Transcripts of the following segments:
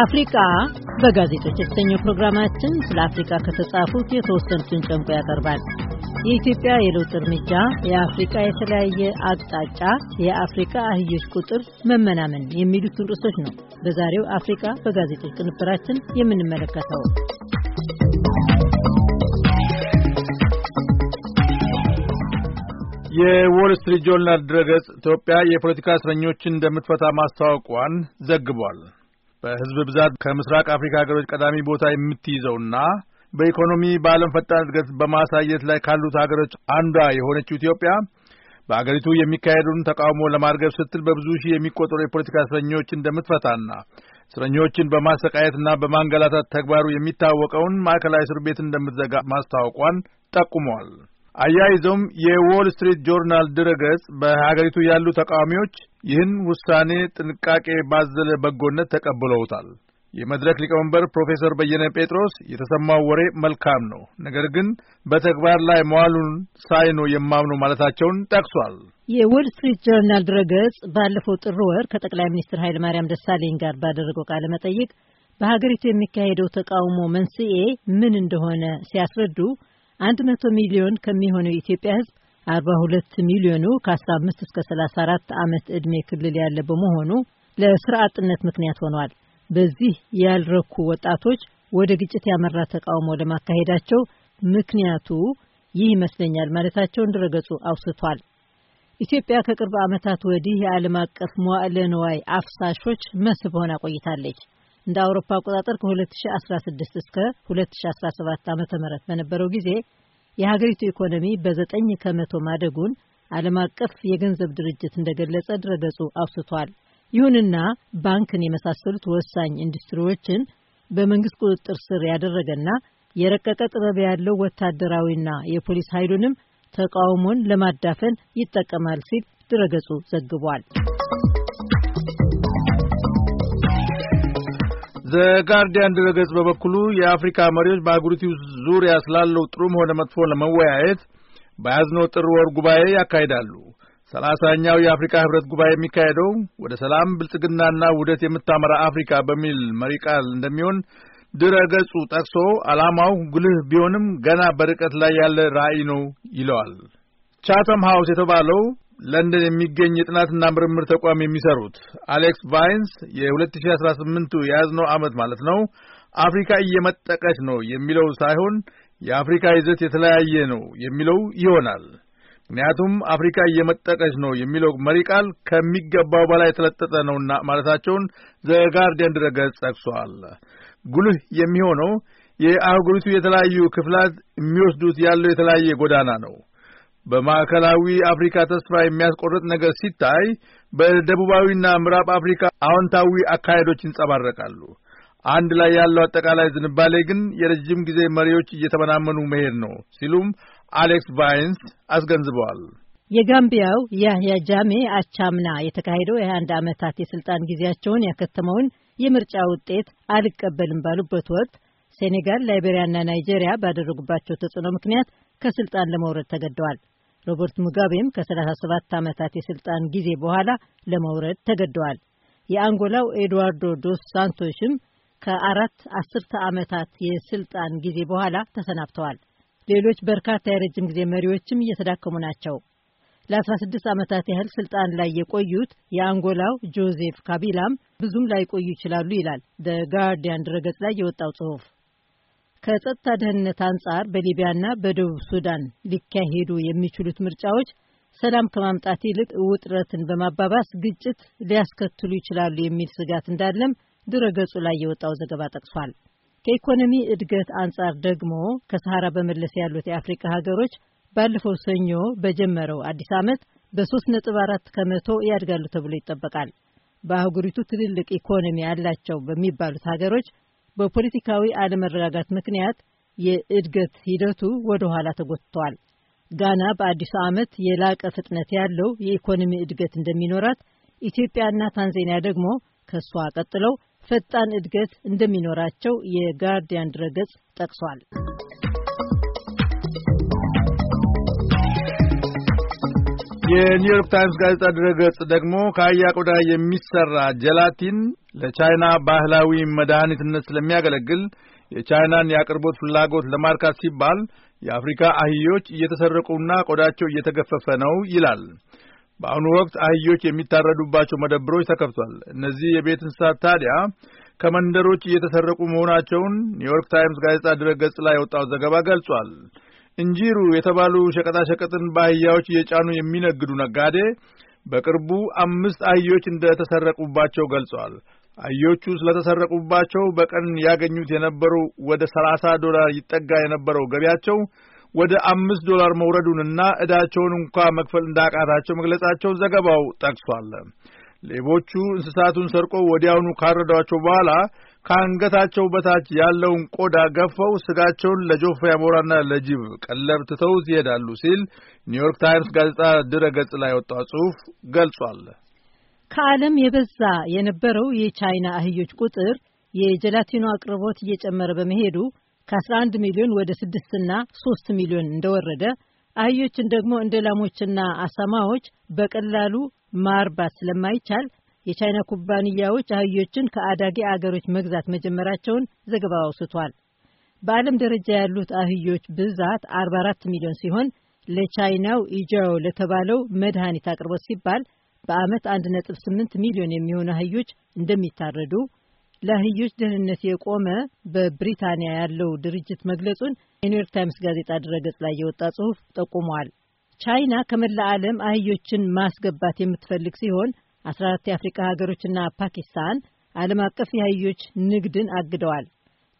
አፍሪካ በጋዜጦች የተሰኘው ፕሮግራማችን ስለ አፍሪካ ከተጻፉት የተወሰኑትን ጨምቆ ያቀርባል። የኢትዮጵያ የለውጥ እርምጃ፣ የአፍሪካ የተለያየ አቅጣጫ፣ የአፍሪካ አህዮች ቁጥር መመናመን የሚሉትን ርዕሶች ነው በዛሬው አፍሪካ በጋዜጦች ቅንብራችን የምንመለከተው። የዎል ስትሪት ጆርናል ድረገጽ ኢትዮጵያ የፖለቲካ እስረኞችን እንደምትፈታ ማስታወቋን ዘግቧል። በህዝብ ብዛት ከምስራቅ አፍሪካ ሀገሮች ቀዳሚ ቦታ የምትይዘውና በኢኮኖሚ በዓለም ፈጣን እድገት በማሳየት ላይ ካሉት ሀገሮች አንዷ የሆነችው ኢትዮጵያ በአገሪቱ የሚካሄዱን ተቃውሞ ለማርገብ ስትል በብዙ ሺህ የሚቆጠሩ የፖለቲካ እስረኞች እንደምትፈታና እስረኞችን በማሰቃየትና በማንገላታት ተግባሩ የሚታወቀውን ማዕከላዊ እስር ቤት እንደምትዘጋ ማስታወቋን ጠቁሟል። አያይዘውም የዎል ስትሪት ጆርናል ድረገጽ በሀገሪቱ ያሉ ተቃዋሚዎች ይህን ውሳኔ ጥንቃቄ ባዘለ በጎነት ተቀብለውታል። የመድረክ ሊቀመንበር ፕሮፌሰር በየነ ጴጥሮስ የተሰማው ወሬ መልካም ነው፣ ነገር ግን በተግባር ላይ መዋሉን ሳይ ነው ማለታቸውን ጠቅሷል። የዎል ስትሪት ጆርናል ድረገጽ ባለፈው ጥር ወር ከጠቅላይ ሚኒስትር ማርያም ደሳለኝ ጋር ባደረገው ቃለ መጠይቅ በሀገሪቱ የሚካሄደው ተቃውሞ መንስኤ ምን እንደሆነ ሲያስረዱ አንድ መቶ ሚሊዮን ከሚሆነው የኢትዮጵያ ሕዝብ 42 ሚሊዮኑ ከ15 እስከ 34 ዓመት ዕድሜ ክልል ያለ በመሆኑ ለስራ አጥነት ምክንያት ሆኗል። በዚህ ያልረኩ ወጣቶች ወደ ግጭት ያመራ ተቃውሞ ለማካሄዳቸው ምክንያቱ ይህ ይመስለኛል ማለታቸውን ድረገጹ አውስቷል። ኢትዮጵያ ከቅርብ ዓመታት ወዲህ የዓለም አቀፍ መዋዕለ ንዋይ አፍሳሾች መስህብ ሆና ቆይታለች። እንደ አውሮፓ አቆጣጠር ከ2016 እስከ 2017 ዓ ም በነበረው ጊዜ የሀገሪቱ ኢኮኖሚ በዘጠኝ ከመቶ ማደጉን ዓለም አቀፍ የገንዘብ ድርጅት እንደገለጸ ድረገጹ አውስቷል። ይሁንና ባንክን የመሳሰሉት ወሳኝ ኢንዱስትሪዎችን በመንግስት ቁጥጥር ስር ያደረገና የረቀቀ ጥበብ ያለው ወታደራዊና የፖሊስ ኃይሉንም ተቃውሞን ለማዳፈን ይጠቀማል ሲል ድረገጹ ዘግቧል። ዘጋርዲያን ድረገጽ በበኩሉ የአፍሪካ መሪዎች በአህጉሪቱ ዙሪያ ስላለው ጥሩም ሆነ መጥፎ ለመወያየት በያዝነው ጥር ወር ጉባኤ ያካሂዳሉ። ሰላሳኛው የአፍሪካ ህብረት ጉባኤ የሚካሄደው ወደ ሰላም ብልጽግናና ውህደት የምታመራ አፍሪካ በሚል መሪ ቃል እንደሚሆን ድረገጹ ገጹ ጠቅሶ ዓላማው ጉልህ ቢሆንም ገና በርቀት ላይ ያለ ራዕይ ነው ይለዋል። ቻተም ሃውስ የተባለው ለንደን የሚገኝ የጥናትና ምርምር ተቋም የሚሰሩት አሌክስ ቫይንስ የ2018 የያዝነው ዓመት ማለት ነው አፍሪካ እየመጠቀች ነው የሚለው ሳይሆን የአፍሪካ ይዘት የተለያየ ነው የሚለው ይሆናል። ምክንያቱም አፍሪካ እየመጠቀች ነው የሚለው መሪ ቃል ከሚገባው በላይ የተለጠጠ ነውና ማለታቸውን ዘጋርዲያን ድረገጽ ጠቅሷል። ጉልህ የሚሆነው የአህጉሪቱ የተለያዩ ክፍላት የሚወስዱት ያለው የተለያየ ጎዳና ነው። በማዕከላዊ አፍሪካ ተስፋ የሚያስቆርጥ ነገር ሲታይ፣ በደቡባዊና ምዕራብ አፍሪካ አዎንታዊ አካሄዶች ይንጸባረቃሉ። አንድ ላይ ያለው አጠቃላይ ዝንባሌ ግን የረጅም ጊዜ መሪዎች እየተመናመኑ መሄድ ነው ሲሉም አሌክስ ቫይንስ አስገንዝበዋል። የጋምቢያው ያህያ ጃሜ አቻምና የተካሄደው የ21 ዓመታት የሥልጣን ጊዜያቸውን ያከተመውን የምርጫ ውጤት አልቀበልም ባሉበት ወቅት ሴኔጋል፣ ላይቤሪያና ናይጄሪያ ባደረጉባቸው ተጽዕኖ ምክንያት ከስልጣን ለመውረድ ተገደዋል። ሮበርት ሙጋቤም ከ37 ዓመታት የስልጣን ጊዜ በኋላ ለመውረድ ተገደዋል። የአንጎላው ኤድዋርዶ ዶስ ሳንቶሽም ከአራት አስርተ ዓመታት የስልጣን ጊዜ በኋላ ተሰናብተዋል። ሌሎች በርካታ የረጅም ጊዜ መሪዎችም እየተዳከሙ ናቸው። ለ16 ዓመታት ያህል ስልጣን ላይ የቆዩት የአንጎላው ጆዜፍ ካቢላም ብዙም ላይቆዩ ይችላሉ ይላል በጋርዲያን ድረገጽ ላይ የወጣው ጽሑፍ። ከጸጥታ ደህንነት አንጻር በሊቢያና በደቡብ ሱዳን ሊካሄዱ የሚችሉት ምርጫዎች ሰላም ከማምጣት ይልቅ ውጥረትን በማባባስ ግጭት ሊያስከትሉ ይችላሉ የሚል ስጋት እንዳለም ድረገጹ ላይ የወጣው ዘገባ ጠቅሷል። ከኢኮኖሚ እድገት አንጻር ደግሞ ከሰሃራ በመለስ ያሉት የአፍሪካ ሀገሮች ባለፈው ሰኞ በጀመረው አዲስ ዓመት በ3.4 ከመቶ ያድጋሉ ተብሎ ይጠበቃል። በአህጉሪቱ ትልልቅ ኢኮኖሚ ያላቸው በሚባሉት ሀገሮች በፖለቲካዊ አለመረጋጋት ምክንያት የእድገት ሂደቱ ወደ ኋላ ተጎትቷል። ጋና በአዲሱ ዓመት የላቀ ፍጥነት ያለው የኢኮኖሚ እድገት እንደሚኖራት፣ ኢትዮጵያና ታንዛኒያ ደግሞ ከእሷ ቀጥለው ፈጣን እድገት እንደሚኖራቸው የጋርዲያን ድረገጽ ጠቅሷል። የኒውዮርክ ታይምስ ጋዜጣ ድረገጽ ደግሞ ከአህያ ቆዳ የሚሰራ ጀላቲን ለቻይና ባህላዊ መድኃኒትነት ስለሚያገለግል የቻይናን የአቅርቦት ፍላጎት ለማርካት ሲባል የአፍሪካ አህዮች እየተሰረቁና ቆዳቸው እየተገፈፈ ነው ይላል። በአሁኑ ወቅት አህዮች የሚታረዱባቸው መደብሮች ተከፍቷል። እነዚህ የቤት እንስሳት ታዲያ ከመንደሮች እየተሰረቁ መሆናቸውን ኒውዮርክ ታይምስ ጋዜጣ ድረገጽ ላይ የወጣው ዘገባ ገልጿል። እንጂሩ የተባሉ ሸቀጣሸቀጥን በአህያዎች እየጫኑ የሚነግዱ ነጋዴ በቅርቡ አምስት አህዮች እንደተሰረቁባቸው ገልጸዋል። አህዮቹ ስለተሰረቁባቸው በቀን ያገኙት የነበሩ ወደ ሰላሳ ዶላር ይጠጋ የነበረው ገቢያቸው ወደ አምስት ዶላር መውረዱንና ዕዳቸውን እንኳ መክፈል እንዳቃታቸው መግለጻቸውን ዘገባው ጠቅሷል። ሌቦቹ እንስሳቱን ሰርቆ ወዲያውኑ ካረዷቸው በኋላ ከአንገታቸው በታች ያለውን ቆዳ ገፈው ስጋቸውን ለጆፍ ያሞራና ለጅብ ቀለብ ትተውት ይሄዳሉ ሲል ኒውዮርክ ታይምስ ጋዜጣ ድረ ገጽ ላይ ወጣው ጽሑፍ ገልጿል። ከዓለም የበዛ የነበረው የቻይና አህዮች ቁጥር የጀላቲኖ አቅርቦት እየጨመረ በመሄዱ ከ11 ሚሊዮን ወደ 6 እና 3 ሚሊዮን እንደወረደ አህዮችን ደግሞ እንደ ላሞችና አሳማዎች በቀላሉ ማርባት ስለማይቻል የቻይና ኩባንያዎች አህዮችን ከአዳጊ አገሮች መግዛት መጀመራቸውን ዘገባው አውስቷል። በዓለም ደረጃ ያሉት አህዮች ብዛት 44 ሚሊዮን ሲሆን ለቻይናው ኢጃኦ ለተባለው መድኃኒት አቅርቦት ሲባል በዓመት 1.8 ሚሊዮን የሚሆኑ አህዮች እንደሚታረዱ ለአህዮች ደህንነት የቆመ በብሪታንያ ያለው ድርጅት መግለጹን የኒውዮርክ ታይምስ ጋዜጣ ድረገጽ ላይ የወጣ ጽሑፍ ጠቁሟል። ቻይና ከመላ ዓለም አህዮችን ማስገባት የምትፈልግ ሲሆን 14 የአፍሪካ ሀገሮችና ፓኪስታን ዓለም አቀፍ የአህዮች ንግድን አግደዋል።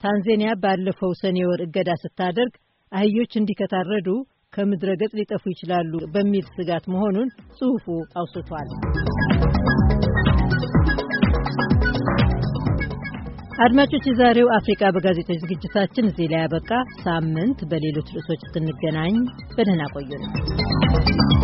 ታንዛኒያ ባለፈው ሰኔ ወር እገዳ ስታደርግ አህዮች እንዲከታረዱ ከምድረ ገጽ ሊጠፉ ይችላሉ በሚል ስጋት መሆኑን ጽሑፉ አውስቷል። አድማጮች፣ የዛሬው አፍሪቃ በጋዜጦች ዝግጅታችን እዚህ ላይ ያበቃ። ሳምንት በሌሎች ርዕሶች እስክንገናኝ በደህና ቆዩ ነው።